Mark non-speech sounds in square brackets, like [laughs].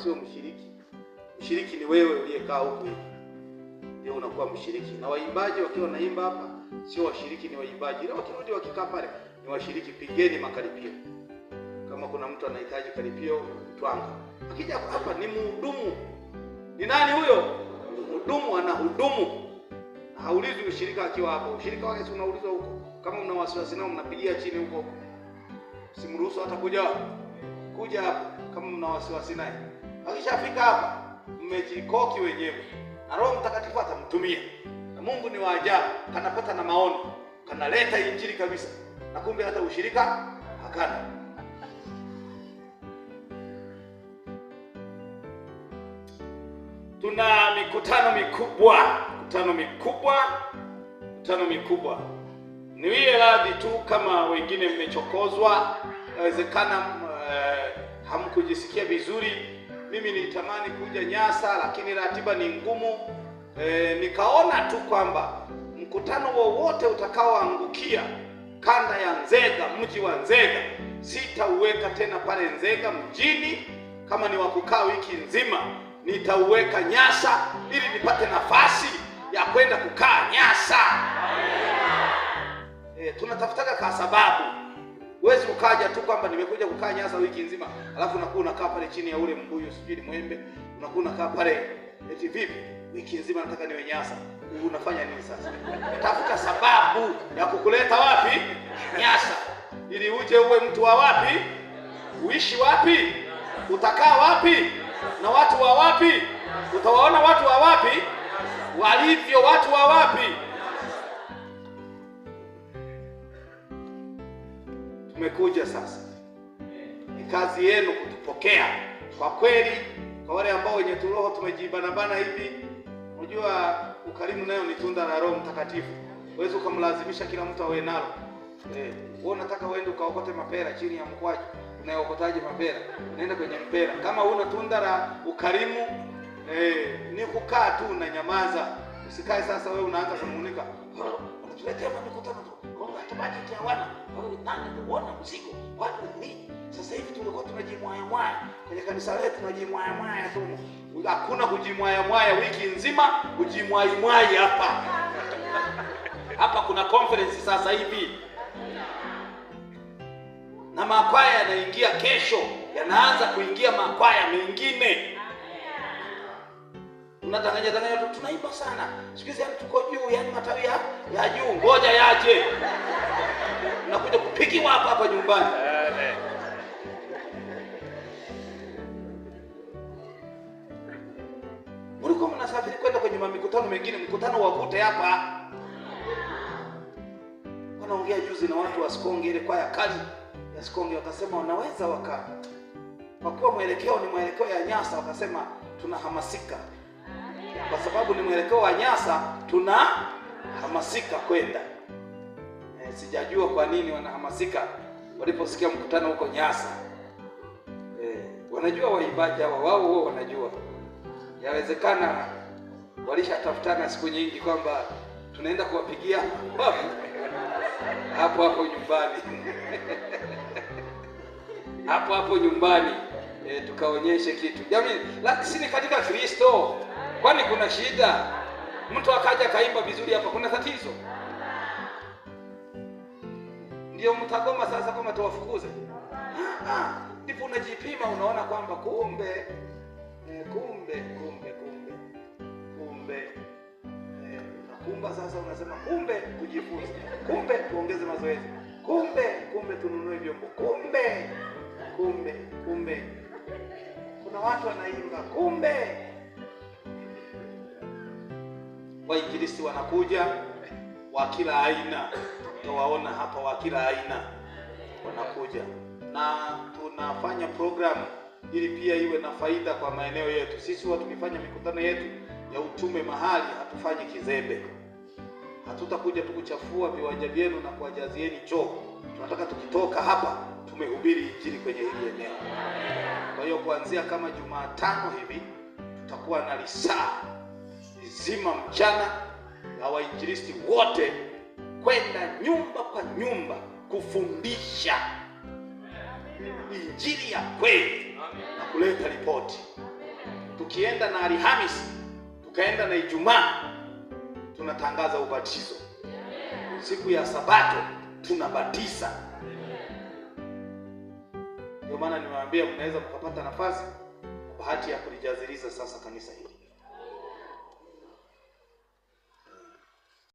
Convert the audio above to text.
sio mshiriki. Mshiriki ni wewe uliyekaa huku hivi, ndio unakuwa mshiriki. Na waimbaji wakiwa wanaimba hapa sio washiriki, ni waimbaji, na wakirudi wakikaa pale ni washiriki. Pigeni makaripio. Kama kuna mtu anahitaji karipio, twanga. Akija hapa ni mhudumu. Ni nani huyo? Mhudumu, anahudumu. Haulizwi ushirika akiwa hapo. Ushirika wake si unaulizwa huko. Kama mna wasiwasi nao mnapigia chini huko. Simruhusu hata kuja kuja hapa kama mna wasiwasi naye. Akishafika hapa, mmejikoki wenyewe, na Roho Mtakatifu atamtumia, na Mungu ni wa kanapata na maono, kanaleta injili kabisa, na kumbe hata ushirika hakana. Tuna mikutano mikubwa, mikutano mikubwa, mikutano mikubwa. Niwie radhi tu kama wengine mmechokozwa, inawezekana hamkujisikia vizuri. Mimi nilitamani kuja Nyasa, lakini ratiba ni ngumu. E, nikaona tu kwamba mkutano wowote utakaoangukia kanda ya Nzega, mji wa Nzega, sitauweka tena pale Nzega mjini. Kama ni wakukaa wiki nzima, nitauweka Nyasa ili nipate nafasi ya kwenda kukaa Nyasa. E, tunatafutaga kwa sababu Huwezi ukaja tu kwamba nimekuja kukaa Nyasa wiki nzima, alafu unakuwa unakaa pale chini ya ule mbuyu sijui mwembe, unakuwa unakaa pale eti vipi? Wiki nzima nataka niwe Nyasa. Unafanya nini sasa? Tafuta sababu ya kukuleta wapi? Nyasa, ili uje uwe mtu wa wapi? Uishi wapi? Utakaa wapi? Na watu wa wapi? Utawaona watu wa wapi? Walivyo watu wa wapi? imekuja sasa, ni kazi yenu kutupokea kwa kweli. Kwa wale ambao wenye turoho tumejibanabana bana hivi, unajua ukarimu nayo ni tunda la Roho Mtakatifu, huwezi ukamlazimisha kila mtu awe nalo. Eh, wewe unataka uende ukaokote mapera chini ya mkwaju, unayokotaje mapera? Unaenda kwenye mpera. Kama una tunda la ukarimu eh, ni kukaa tu nyamaza, Usikae sasa wewe unaanza kumunika. Unatuletea mikutano tu bajeti hawana, kwa hiyo nani kuona mzigo watu ni sasa hivi tumekuwa tunajimwaya mwaya kwenye kanisa letu, tunajimwaya mwaya tu, hakuna kujimwaya mwaya wiki nzima, kujimwaya hapa hapa. Kuna conference sasa hivi na makwaya yanaingia kesho, yanaanza kuingia makwaya mengine tunatanganya tanganya tu, tunaimba sana siku hizi, yani tuko juu, yani matawi ya juu, ngoja yaje mnakuja kupigiwa hapa hapa nyumbani. Mlikuwa mnasafiri kwenda kwenye mikutano mingine, mkutano wa kute hapa. Wanaongea juzi na watu wa Sikonge, ile kwaya kali ya Sikonge, wakasema wanaweza waka kwa kuwa mwelekeo ni mwelekeo ya Nyasa, wakasema tunahamasika kwa sababu ni mwelekeo wa Nyasa, tunahamasika kwenda Eh, sijajua kwa nini wanahamasika waliposikia mkutano huko Nyasa. E, wanajua waimbaji hawa wao wao wanajua, yawezekana walishatafutana siku nyingi kwamba tunaenda kuwapigia hapo hapo nyumbani [laughs] hapo hapo nyumbani e, tukaonyeshe kitu jamii, lakini katika Kristo, kwani kuna shida? Mtu akaja kaimba vizuri hapa, kuna tatizo? ndio mtagoma sasa kama tuwafukuze? Ndipo unajipima unaona kwamba kumbe eh, kumbe kumbe kumbe kumbe eh, sasa, unasema kumbe kujifunza, kumbe tuongeze mazoezi, kumbe kumbe tununue vyombo, kumbe kumbe kumbe kuna watu wanaimba kumbe, waingilisi wanakuja wa kila aina, tutawaona hapa wa kila aina wanakuja, na tunafanya programu ili pia iwe na faida kwa maeneo yetu. Sisi huwa tumefanya mikutano yetu ya utume mahali hatufanyi kizembe. Hatutakuja tu kuchafua viwanja vyenu na kuwajazieni choo. Tunataka tukitoka hapa tumehubiri injili kwenye hili eneo. Kwa hiyo kuanzia kama Jumatano hivi tutakuwa na lisaa zima mchana na wainjilisti wote kwenda nyumba kwa nyumba kufundisha injili ya kweli na kuleta ripoti. Tukienda na Alhamisi, tukaenda na Ijumaa, tunatangaza ubatizo. Siku ya Sabato tunabatiza. Ndio maana niwaambia, mnaweza mkapata nafasi, bahati ya kulijaziliza sasa kanisa hili.